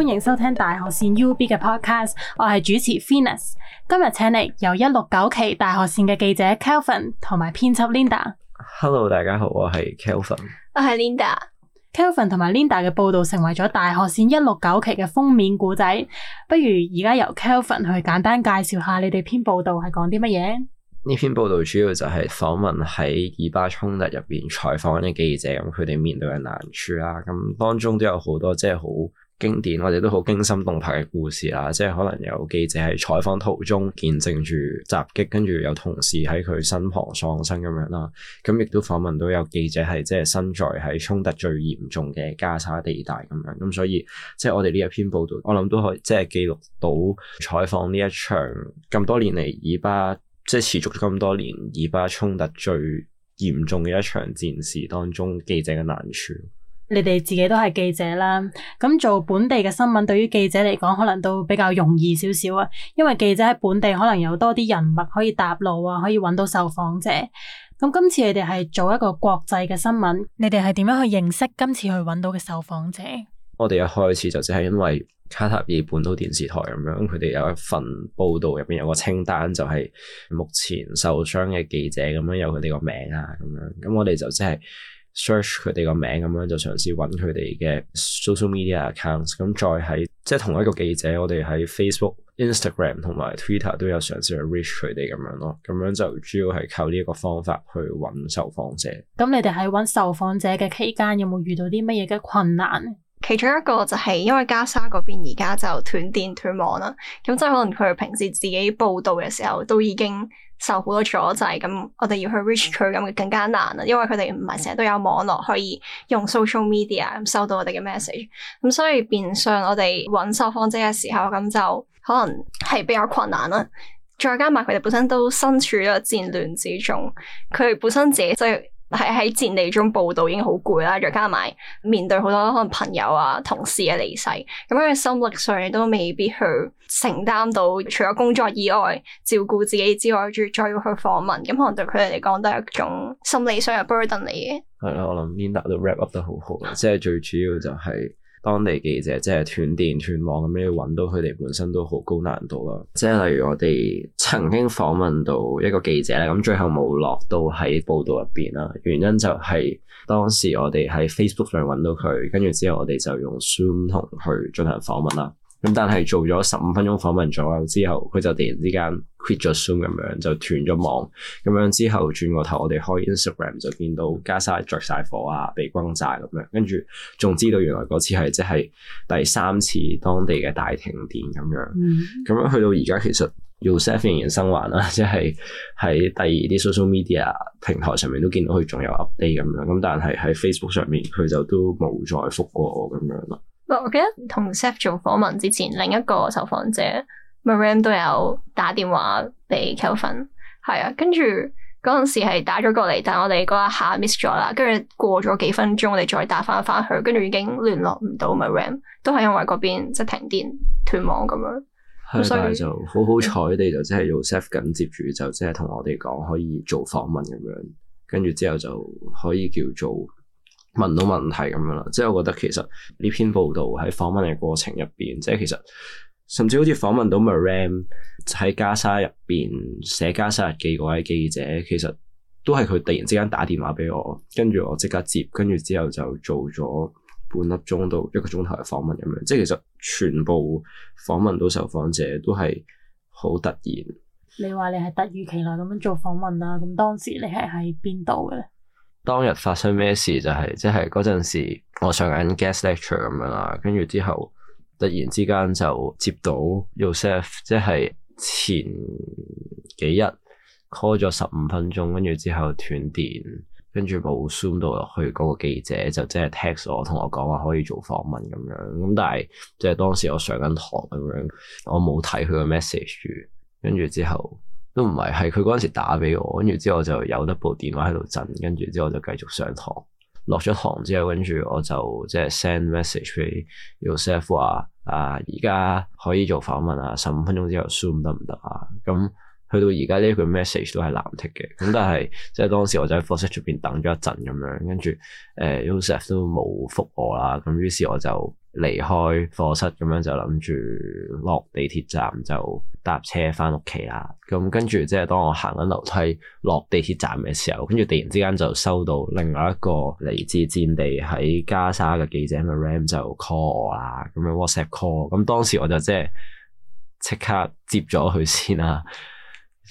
歡迎收聽《大學線 U B》嘅 podcast，我係主持 Phoenix，今日請嚟由一六九期《大學線》嘅記者 Kelvin 同埋編輯 Linda。Hello，大家好，我係 Kelvin，我係 Linda。Kelvin 同埋 Linda 嘅報道成為咗《大學線》一六九期嘅封面故仔。不如而家由 Kelvin 去簡單介紹下你哋篇報道係講啲乜嘢？呢篇報道主要就係訪問喺以巴衝突入邊採訪嘅記者，咁佢哋面對嘅難處啦，咁當中都有好多即係好。經典我哋都好驚心動魄嘅故事啦，即係可能有記者喺採訪途中見證住襲擊，跟住有同事喺佢身旁喪生咁樣啦，咁亦都訪問到有記者係即係身在喺衝突最嚴重嘅加沙地帶咁樣，咁所以即係我哋呢一篇報導，我諗都可以即係記錄到採訪呢一場咁多年嚟以巴即係持續咗咁多年以巴衝突最嚴重嘅一場戰事當中記者嘅難處。你哋自己都係記者啦，咁做本地嘅新聞，對於記者嚟講，可能都比較容易少少啊。因為記者喺本地，可能有多啲人物可以搭路啊，可以揾到受訪者。咁今次你哋係做一個國際嘅新聞，你哋係點樣去認識今次去揾到嘅受訪者？我哋一開始就只係因為卡塔爾本土電視台咁樣，佢哋有一份報道入邊有個清單，就係目前受傷嘅記者咁樣有佢哋個名啊，咁樣咁我哋就即係。Search 佢哋個名咁樣，就嘗試揾佢哋嘅 social media accounts，咁再喺即係同一個記者，我哋喺 Facebook、Instagram 同埋 Twitter 都有嘗試去 reach 佢哋咁樣咯。咁樣就主要係靠呢一個方法去揾受訪者。咁你哋喺揾受訪者嘅期間有冇遇到啲乜嘢嘅困難？其中一個就係因為加沙嗰邊而家就斷電斷網啦，咁即係可能佢平時自己報道嘅時候都已經。受好多阻滯，咁我哋要去 reach 佢咁就更加難啦，因為佢哋唔係成日都有網絡可以用 social media 咁收到我哋嘅 message，咁所以變相我哋搵受訪者嘅時候，咁就可能係比較困難啦。再加埋佢哋本身都身處咗戰亂之中，佢本身自己。係喺戰地中報道已經好攰啦，再加埋面對好多可能朋友啊、同事啊離世，咁樣嘅心力上亦都未必去承擔到。除咗工作以外，照顧自己之外，仲要再要去訪問，咁可能對佢哋嚟講都係一種心理上嘅 burden 嚟嘅。係啦，我諗 Linda 都 wrap up 得好好，即係最主要就係。當地記者即係斷電斷網咁樣去搵到佢哋本身都好高難度啦，即係例如我哋曾經訪問到一個記者咧，咁最後冇落到喺報道入邊啦，原因就係當時我哋喺 Facebook 上揾到佢，跟住之後我哋就用 Zoom 同佢進行訪問啦。咁但係做咗十五分鐘訪問左右之後，佢就突然之間 quit 咗 Zoom 咁樣，就斷咗網。咁樣之後轉過頭，我哋開 Instagram 就見到加沙，着晒火啊，被轟炸咁樣。跟住仲知道原來嗰次係即係第三次當地嘅大停電咁樣。咁樣去到而家其實用 something 仍然生還啦，即係喺第二啲 social media 平台上面都見到佢仲有 update 咁樣。咁但係喺 Facebook 上面佢就都冇再覆過我咁樣啦。哦、我記得同 s e e f 做訪問之前，另一個受訪者 Mariam 都有打電話俾 Kelvin，係啊，跟住嗰陣時係打咗過嚟，但係我哋嗰一下 miss 咗啦，跟住過咗幾分鐘，我哋再打翻翻去，跟住已經聯絡唔到 Mariam，都係因為嗰邊即係停電斷網咁樣，的所以就好好彩，你哋、嗯、就即係用 s e e f 緊接住就即係同我哋講可以做訪問咁樣，跟住之後就可以叫做。問到問題咁樣啦，即係我覺得其實呢篇報道喺訪問嘅過程入邊，即係其實甚至好似訪問到 Maram 喺加沙入邊寫加沙日記嗰位記者，其實都係佢突然之間打電話俾我，跟住我即刻接，跟住之後就做咗半粒鐘到一個鐘頭嘅訪問咁樣，即係其實全部訪問到受訪者都係好突然。你話你係突如其來咁樣做訪問呀，咁當時你係喺邊度嘅咧？當日發生咩事就係、是，即係嗰陣時我上緊 guest lecture 咁樣啦，跟住之後突然之間就接到 Yosef，即係前幾日 call 咗十五分鐘，跟住之後斷電，跟住冇 zoom 到落去嗰，那個記者就即係 text 我，同我講話可以做訪問咁樣，咁但係即係當時我上緊堂咁樣，我冇睇佢個 message，跟住之後。都唔係，係佢嗰陣時打俾我，跟住之後我就有得部電話喺度震，跟住之後我就繼續上堂。落咗堂之後，跟住我就即係 send message 俾 Yosef 話：啊，而家可以做訪問啊，十五分鐘之後 zoom 得唔得啊？咁、嗯、去到而家呢句 message 都係藍剔嘅，咁但係、嗯、即係當時我就喺課室出邊等咗一陣咁樣，跟住誒 Yosef 都冇覆我啦。咁、嗯、於是我就～離開課室咁樣就諗住落地鐵站就搭車返屋企啦。咁跟住即係當我行緊樓梯落地鐵站嘅時候，跟住突然之間就收到另外一個嚟自戰地喺加沙嘅記者 Maram 就 call 我啦。咁樣 WhatsApp call，咁當時我就即係即刻接咗佢先啦、啊，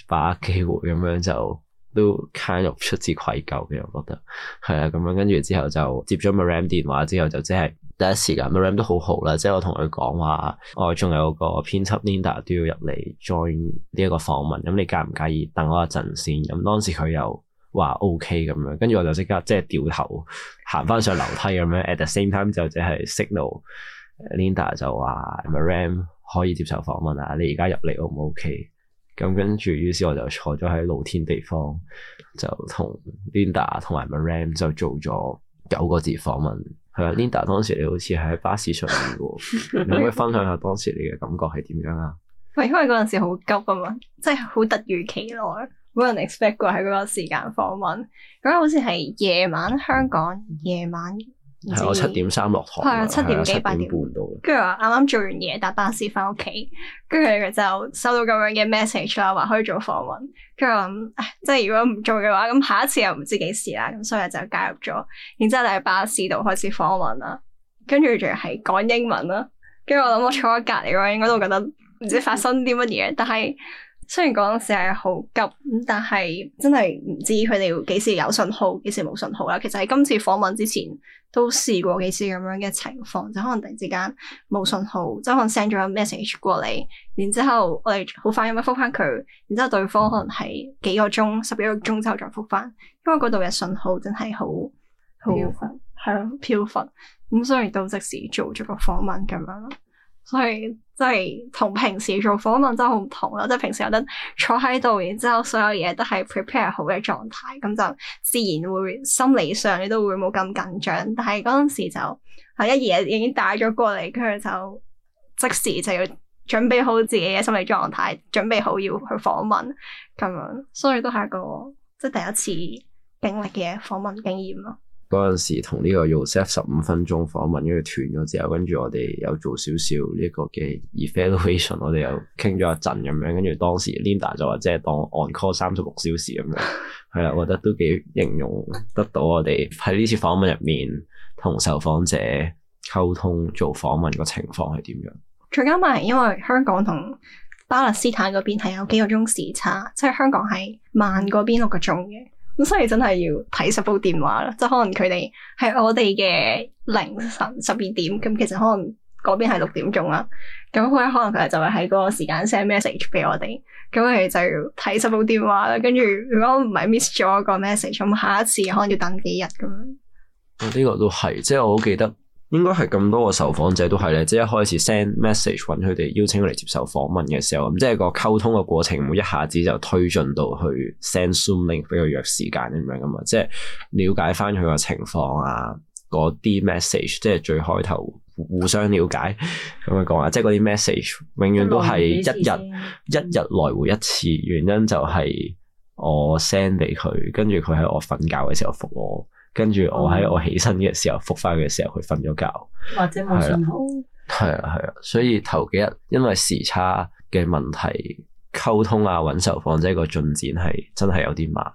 把握機會咁樣就都慳 kind 入 of 出自愧疚嘅，我覺得係啊，咁樣跟住之後就接咗 Maram 電話之後就即係。第一時間 Maram 都好好啦，即係我同佢講話，我、哦、仲有個編輯 Linda 都要入嚟 join 呢一個訪問，咁你介唔介意等我一陣先？咁當時佢又話 OK 咁樣，跟住我就即刻即係掉頭行翻上樓梯咁樣。At the same time 就即係 signal Linda 就話 Maram 可以接受訪問啊，你而家入嚟 O 唔 OK？咁跟住於是我就坐咗喺露天地方，就同 Linda 同埋 Maram 就做咗九個字訪問。嗯、Linda 當時你好似喺巴士上面嘅， 你可，可以分享下當時你嘅感覺係點樣啊？唔 因為嗰陣時好急啊嘛，即係好突如其來，冇人 expect 過喺嗰個時間訪問，咁、那個、好似係夜晚香港夜晚。係我七點三落堂，係啊七點幾八點半到。跟住啱啱做完嘢搭巴士翻屋企，跟住就收到咁樣嘅 message 啦，話可以做訪問。跟住我諗，即係如果唔做嘅話，咁下一次又唔知幾時啦。咁所以就加入咗，然之後喺巴士度開始訪問啦。跟住仲係講英文啦。跟住我諗，我坐喺隔籬我應該都會覺得唔知發生啲乜嘢。但係雖然嗰陣時係好急，咁但係真係唔知佢哋要幾時有信號，幾時冇信號啦。其實喺今次訪問之前，都試過幾次咁樣嘅情況，就可能突然之間冇信號，即係可能 send 咗個 message 過嚟，然之後我哋好快咁樣複翻佢，然之後對方可能係幾個鐘、十一個鐘之後再複翻，因為嗰度嘅信號真係好好飄忽，係咯、啊、飄忽，咁所以都即時做咗個訪問咁樣咯。所以即係同平時做訪問真係好唔同啦，即係平時有得坐喺度，然之後所有嘢都係 prepare 好嘅狀態，咁就自然會心理上你都會冇咁緊張。但係嗰陣時就一嘢已經帶咗過嚟，跟住就即時就要準備好自己嘅心理狀態，準備好要去訪問咁樣。所以都係一個即係第一次經歷嘅訪問經驗咯。嗰陣時同呢個 Joseph 十五分鐘訪問，跟住斷咗之後，跟住我哋有做少少呢個嘅 evaluation，我哋又傾咗一陣咁樣，跟住當時 Linda 就話即係當 on call 三十六小時咁樣，係啦， 我覺得都幾形容得到我哋喺呢次訪問入面同受訪者溝通做訪問個情況係點樣。再加上因為香港同巴勒斯坦嗰邊係有幾個鐘時，時差，即係香港係慢嗰邊六個鐘嘅。咁所以真係要睇十部電話啦，即係可能佢哋係我哋嘅凌晨十二點，咁其實可能嗰邊係六點鐘啦，咁佢可能佢哋就會喺個時間 send message 俾我哋，咁我哋就要睇十部電話啦。跟住如果唔係 miss 咗個 message，咁下一次可能要等幾日咁樣。呢、哦呢個都係，即係我好記得。應該係咁多個受訪者都係咧，即係一開始 send message 揾佢哋邀請佢嚟接受訪問嘅時候，咁即係個溝通嘅過程唔會一下子就推進到去 send zoom link 俾佢約時間咁樣噶嘛，即係了解返佢個情況啊，嗰啲 message 即係最開頭互相了解咁樣講啊，即係嗰啲 message 永遠都係一日 一日來回一次，原因就係我 send 俾佢，跟住佢喺我瞓覺嘅時候覆我。跟住我喺我起身嘅時候，覆返嘅時候，佢瞓咗覺，或者冇信號，係啊係啊，所以頭幾日因為時差嘅問題，溝通啊、揾受訪者，即係個進展係真係有啲慢。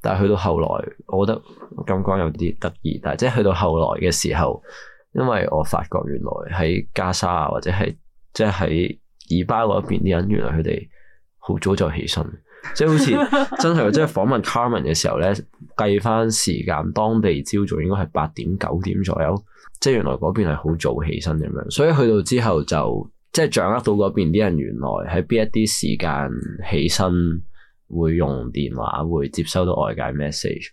但係去到後來，我覺得咁講有啲得意。但係即係去到後來嘅時候，因為我發覺原來喺加沙啊，或者係即係喺以巴嗰邊啲人，原來佢哋好早就起身。即係好似真係，即係訪問 Carmen 嘅時候咧，計翻時間，當地朝早應該係八點九點左右，即係原來嗰邊係好早起身咁樣，所以去到之後就即係掌握到嗰邊啲人原來喺邊一啲時間起身，會用電話會接收到外界 message，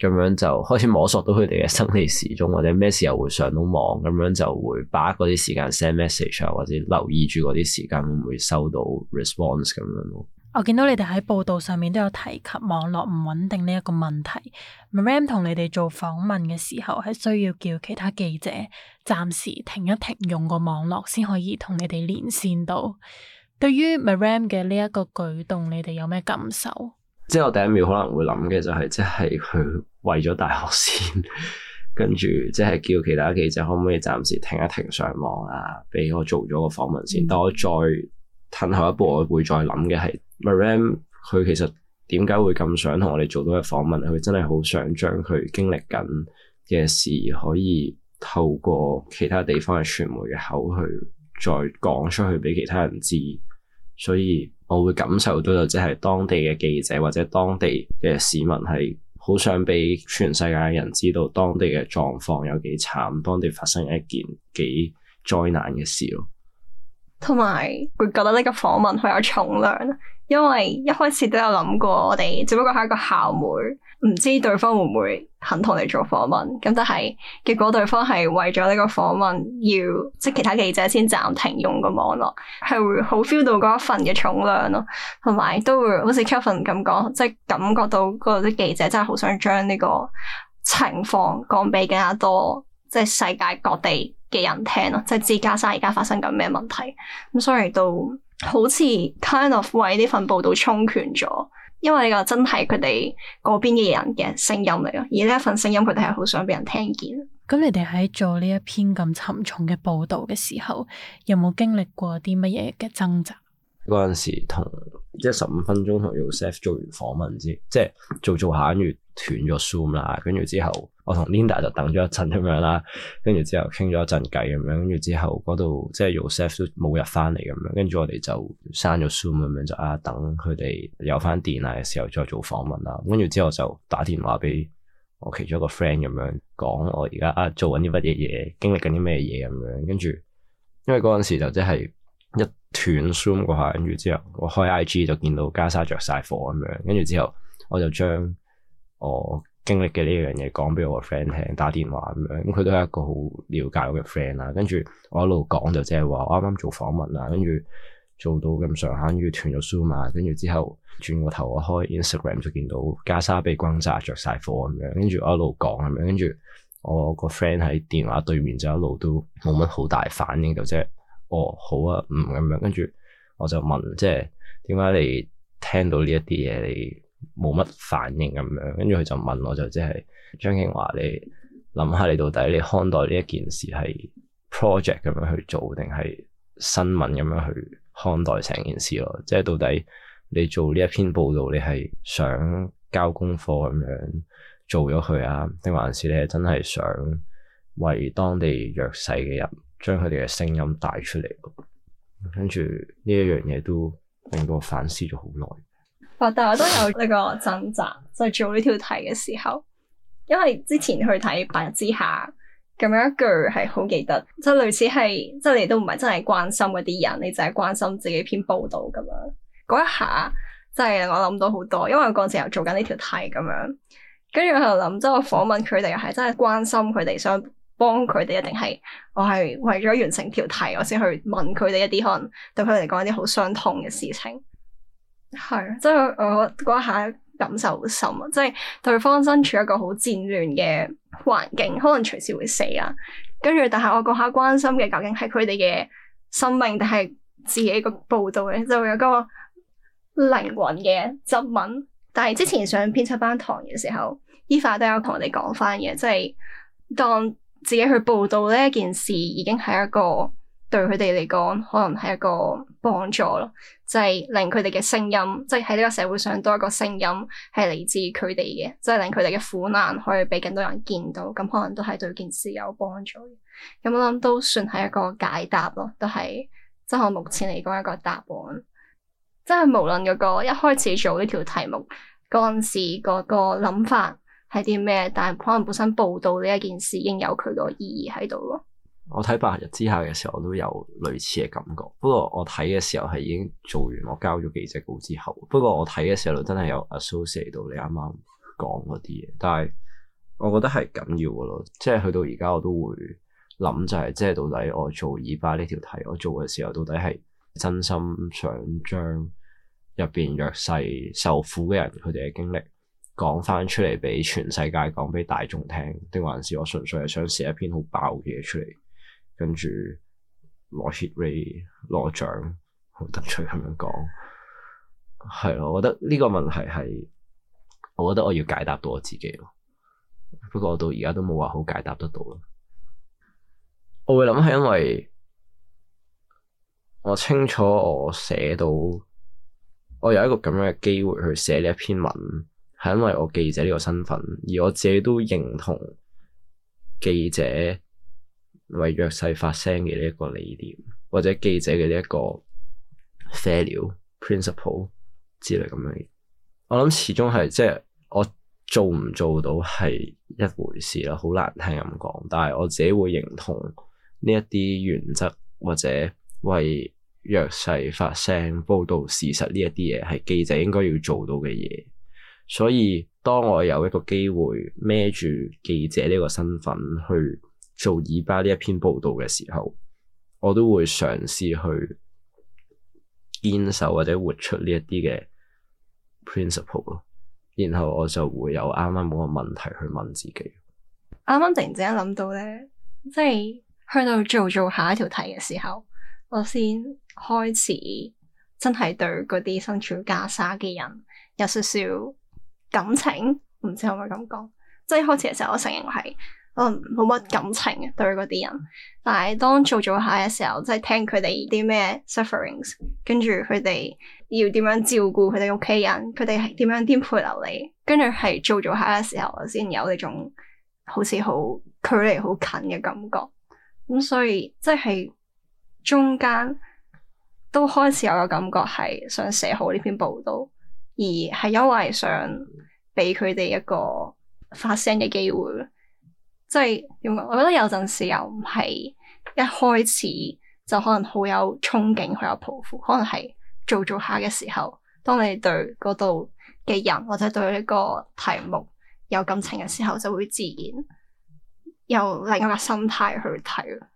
咁樣就開始摸索到佢哋嘅生理時鐘或者咩時候會上到網，咁樣就會把握嗰啲時間 send message 啊，或者留意住嗰啲時間會唔會收到 response 咁樣咯。我見到你哋喺報道上面都有提及網絡唔穩定呢一個問題。Maram 同你哋做訪問嘅時候，係需要叫其他記者暫時停一停用個網絡，先可以同你哋連線到。對於 Maram 嘅呢一個舉動，你哋有咩感受？即係我第一秒可能會諗嘅就係、是，即係佢為咗大學先，跟住即係叫其他記者可唔可以暫時停一停上網啊，俾我做咗個訪問先。但我再褪後一步，我會再諗嘅係。莫佢其實點解會咁想同我哋做到嘅訪問？佢真係好想將佢經歷緊嘅事，可以透過其他地方嘅傳媒嘅口去再講出去俾其他人知。所以我會感受到就，即係當地嘅記者或者當地嘅市民係好想俾全世界嘅人知道當地嘅狀況有幾慘，當地發生一件幾災難嘅事咯。同埋，會覺得呢個訪問好有重量。因為一開始都有諗過我，我哋只不過係一個校媒，唔知對方會唔會肯同你做訪問。咁但係結果對方係為咗呢個訪問要，要即係其他記者先暫停用個網絡，係會好 feel 到嗰一份嘅重量咯。同埋都會好似 Kelvin 咁講，即係感覺到嗰度啲記者真係好想將呢個情況講俾更加多，即係世界各地嘅人聽咯，即係自家生而家發生緊咩問題。咁所以都。好似 kind of 為呢份報道充權咗，因為個真係佢哋嗰邊嘅人嘅聲音嚟咯，而呢一份聲音佢哋係好想俾人聽見。咁你哋喺做呢一篇咁沉重嘅報道嘅時候，有冇經歷過啲乜嘢嘅掙扎？嗰陣時同即係十五分鐘同 Joseph 做完訪問之，即係做做下跟住斷咗 Zoom 啦，跟住之後。我同 Linda 就等咗一陣咁樣啦，跟住之後傾咗一陣偈咁樣，跟住之後嗰度即係 Joseph 都冇入翻嚟咁樣，跟住我哋就刪咗 Zoom 咁樣就啊等佢哋有翻電啊嘅時候再做訪問啦。跟住之後就打電話俾我其中一個 friend 咁樣講我而家啊做緊啲乜嘢嘢，經歷緊啲咩嘢咁樣。跟住因為嗰陣時就即係一斷 Zoom 嗰下，跟住之後我開 IG 就見到加沙着晒火咁樣，跟住之後我就將我。經歷嘅呢一樣嘢講俾我個 friend 聽，打電話咁樣，咁佢都係一個好了解我嘅 friend 啦。跟住我一路講就即係話，啱啱做訪問啊，跟住做到咁上下要斷咗 Zoom 跟住之後轉個頭我開 Instagram 就見到加沙被轟炸，着晒火咁樣，跟住我一路講咁樣，跟住我個 friend 喺電話對面就一路都冇乜好大反應，即啫、就即係。哦，好啊，唔、嗯、咁樣，跟住我就問，即係點解你聽到呢一啲嘢你？冇乜反應咁樣，跟住佢就問我就即係張敬華，你諗下你到底你看待呢一件事係 project 咁樣去做，定係新聞咁樣去看待成件事咯？即係到底你做呢一篇報道，你係想交功課咁樣做咗佢啊，定還是你係真係想為當地弱勢嘅人將佢哋嘅聲音帶出嚟？跟住呢一樣嘢都令到我反思咗好耐。但我都有呢個掙扎，就係做呢條題嘅時候，因為之前去睇《白日之下》咁樣一句係好記得，即係類似係，即係你都唔係真係關心嗰啲人，你淨係關心自己篇報道咁樣。嗰一下即係我諗到好多，因為嗰陣時候做緊呢條題咁樣，跟住我就諗，即係我訪問佢哋係真係關心佢哋，想幫佢哋，一定係我係為咗完成條題，我先去問佢哋一啲可能對佢哋嚟講一啲好傷痛嘅事情。係，即係我嗰下感受好深啊！即係對方身處一個好戰亂嘅環境，可能隨時會死啊。跟住，但係我嗰下關心嘅究竟係佢哋嘅生命，定係自己個報道咧？就會有個靈魂嘅質問。但係之前上編輯班堂嘅時候， Eva 都有同我哋講返嘅，即係當自己去報道呢一件事，已經係一個。對佢哋嚟講，可能係一個幫助咯，即係令佢哋嘅聲音，即係喺呢個社會上多一個聲音，係嚟自佢哋嘅，即係令佢哋嘅苦難可以俾更多人見到，咁可能都係對件事有幫助嘅。咁我諗都算係一個解答咯，都係即係我目前嚟講一個答案。即係無論嗰個一開始做呢條題目嗰陣時嗰個諗法係啲咩，但係可能本身報道呢一件事，已經有佢個意義喺度咯。我睇《白日之下》嘅時候，我都有類似嘅感覺。不過我睇嘅時候係已經做完，我交咗幾隻稿之後。不過我睇嘅時候，真係有 associate 到你啱啱講嗰啲嘢。但係我覺得係緊要嘅咯，即係去到而家我都會諗就係，即係到底我做以巴呢條題，我做嘅時候到底係真心想將入邊弱勢受苦嘅人佢哋嘅經歷講翻出嚟俾全世界講俾大眾聽，定還是我純粹係想寫一篇好爆嘅嘢出嚟？跟住攞 hit rate 攞獎，好得罪咁樣講，係咯。 我覺得呢個問題係，我覺得我要解答到我自己咯。不過我到而家都冇話好解答得到咯。我會諗係因為，我清楚我寫到，我有一個咁樣嘅機會去寫呢一篇文，係因為我記者呢個身份，而我自己都認同記者。為弱勢發聲嘅呢一個理念，或者記者嘅呢一個 value principle 之類咁樣，我諗始終係即係我做唔做到係一回事啦，好難聽咁講。但係我自己會認同呢一啲原則，或者為弱勢發聲、報道事實呢一啲嘢，係記者應該要做到嘅嘢。所以當我有一個機會孭住記者呢個身份去，做以巴呢一篇報道嘅時候，我都會嘗試去堅守或者活出呢一啲嘅 principle 咯。然後我就會有啱啱嗰個問題去問自己。啱啱突然之間諗到咧，即係去到做做下一條題嘅時候，我先開始真係對嗰啲身處加沙嘅人有少少感情，唔知可唔可以咁講？即係開始嘅時候，我承認係。嗯，冇乜感情，啊、對嗰啲人，但係當做做下嘅時候，即係聽佢哋啲咩 sufferings，跟住佢哋要點樣照顧佢哋屋企人，佢哋係點樣顛配流你。跟住係做做下嘅時候，先有呢種好似好距離好近嘅感覺。咁所以即係中間都開始有個感覺係想寫好呢篇報道，而係因為想俾佢哋一個發聲嘅機會。即係點講？我覺得有陣時又唔係一開始就可能好有憧憬，好有抱負，可能係做做下嘅時候，當你對嗰度嘅人或者對呢個題目有感情嘅時候，就會自然有另一個心態去睇咯。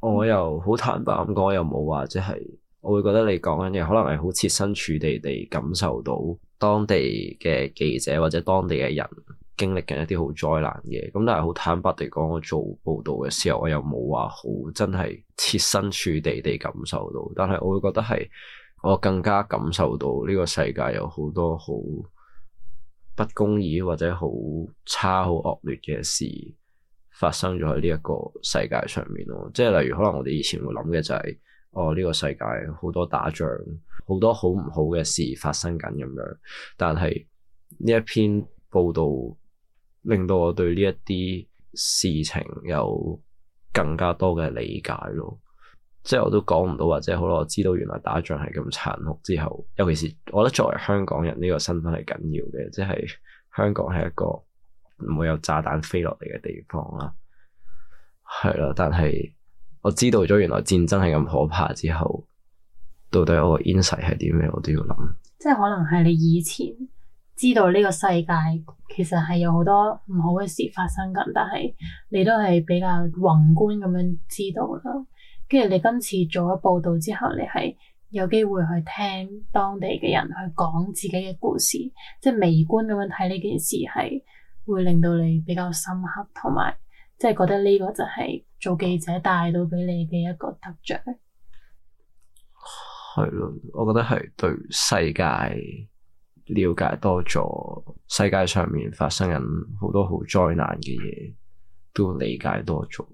我又好坦白咁講，我又冇話即係，我會覺得你講緊嘢，可能係好切身處地地感受到當地嘅記者或者當地嘅人，經歷緊一啲好災難嘅嘢，咁但係好坦白地講，我做報導嘅時候，我又冇話好真係設身處地地感受到。但係我會覺得係我更加感受到呢個世界有好多好不公義或者好差、好惡劣嘅事發生咗喺呢一個世界上面咯。即係例如可能我哋以前會諗嘅就係，哦，呢個世界好多打仗，好多好唔好嘅事發生緊咁樣。但係呢一篇報導，令到我對呢一啲事情有更加多嘅理解咯，即係我都講唔到，或者好啦，我知道原來打仗係咁殘酷之後，尤其是我覺得作為香港人呢個身份係緊要嘅，即係香港係一個唔會有炸彈飛落嚟嘅地方啦，係啦，但係我知道咗原來戰爭係咁可怕之後，到底我嘅 insight 係點咩？我都要諗，即係可能係你以前。知道呢個世界其實係有好多唔好嘅事發生緊，但係你都係比較宏觀咁樣知道啦。跟住你今次做咗報道之後，你係有機會去聽當地嘅人去講自己嘅故事，即係微觀咁樣睇呢件事係會令到你比較深刻，同埋即係覺得呢個就係做記者帶到俾你嘅一個得着。係咯，我覺得係對世界。了解多咗世界上面發生緊好多好災難嘅嘢，都理解多咗。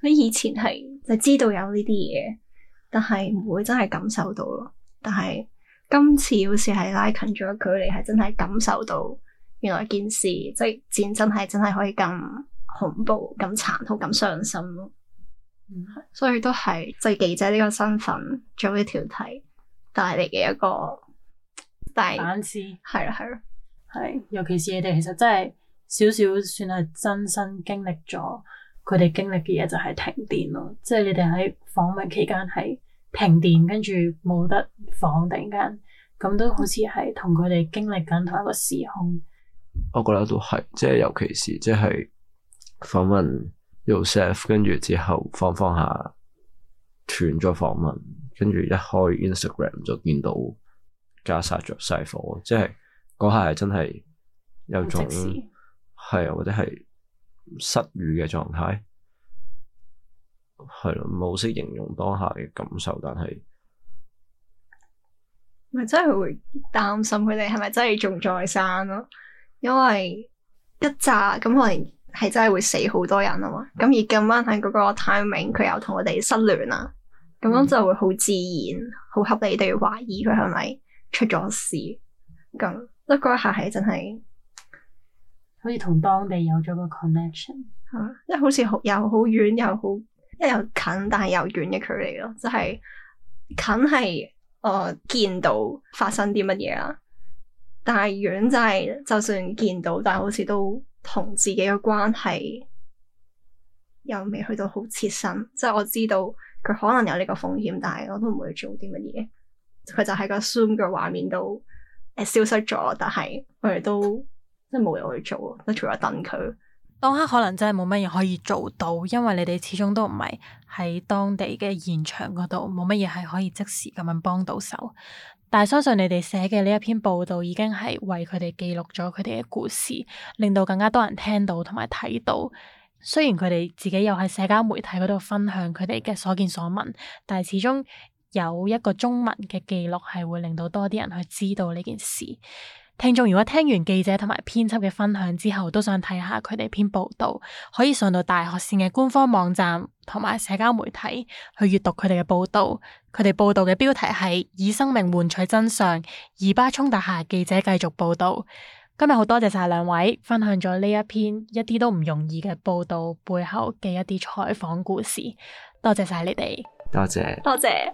喺以前係就知道有呢啲嘢，但係唔會真係感受到咯。但係今次好似係拉近咗距離，係真係感受到原來件事即係、就是、戰爭係真係可以咁恐怖、咁殘酷、咁傷心咯。所以都係即係記者呢個身份做一條題帶嚟嘅一個。反思係啦，係啦的，係的，尤其是你哋其實真係少少算係親身經歷咗佢哋經歷嘅嘢，就係停電咯。即係你哋喺訪問期間係停電，跟住冇得訪，突然間咁都好似係同佢哋經歷緊同一個時空。我覺得都係，即係尤其是即係訪問 Uself，跟住之後放放下斷咗訪問，跟住一開 Instagram 就見到。加殺着細火，即係嗰下係真係有種係或者係失語嘅狀態，係咯，冇識形容當下嘅感受。但係咪真係會擔心佢哋係咪真係仲在生咯？因為一炸咁可能係真係會死好多人啊嘛。咁、嗯、而今晚喺嗰個 timing，佢又同我哋失聯啦，咁樣就會好自然、好合理地懷疑佢係咪？是出咗事咁，咧嗰一下係真係，好似同當地有咗個 connection，係嘛、啊，即係好似好又好遠又好，一又近但係又遠嘅距離咯，即、就、係、是、近係誒、呃、見到發生啲乜嘢啦，但係遠就係、是、就算見到，但係好似都同自己嘅關係又未去到好切身，即係我知道佢可能有呢個風險，但係我都唔會做啲乜嘢。佢就喺個 Zoom 嘅畫面度誒消失咗，但係佢哋都即係冇嘢去做，都除咗等佢。當刻可能真係冇乜嘢可以做到，因為你哋始終都唔係喺當地嘅現場嗰度，冇乜嘢係可以即時咁樣幫到手。但係相信你哋寫嘅呢一篇報道已經係為佢哋記錄咗佢哋嘅故事，令到更加多人聽到同埋睇到。雖然佢哋自己又喺社交媒體嗰度分享佢哋嘅所見所聞，但係始終。有一個中文嘅記錄係會令到多啲人去知道呢件事。聽眾如果聽完記者同埋編輯嘅分享之後，都想睇下佢哋篇報道，可以上到大學線嘅官方網站同埋社交媒體去閱讀佢哋嘅報道。佢哋報道嘅標題係以生命換取真相。以巴衝突下記者繼續報道。今日好多謝晒兩位分享咗呢一篇一啲都唔容易嘅報道背後嘅一啲採訪故事。多謝晒你哋。多謝，多謝。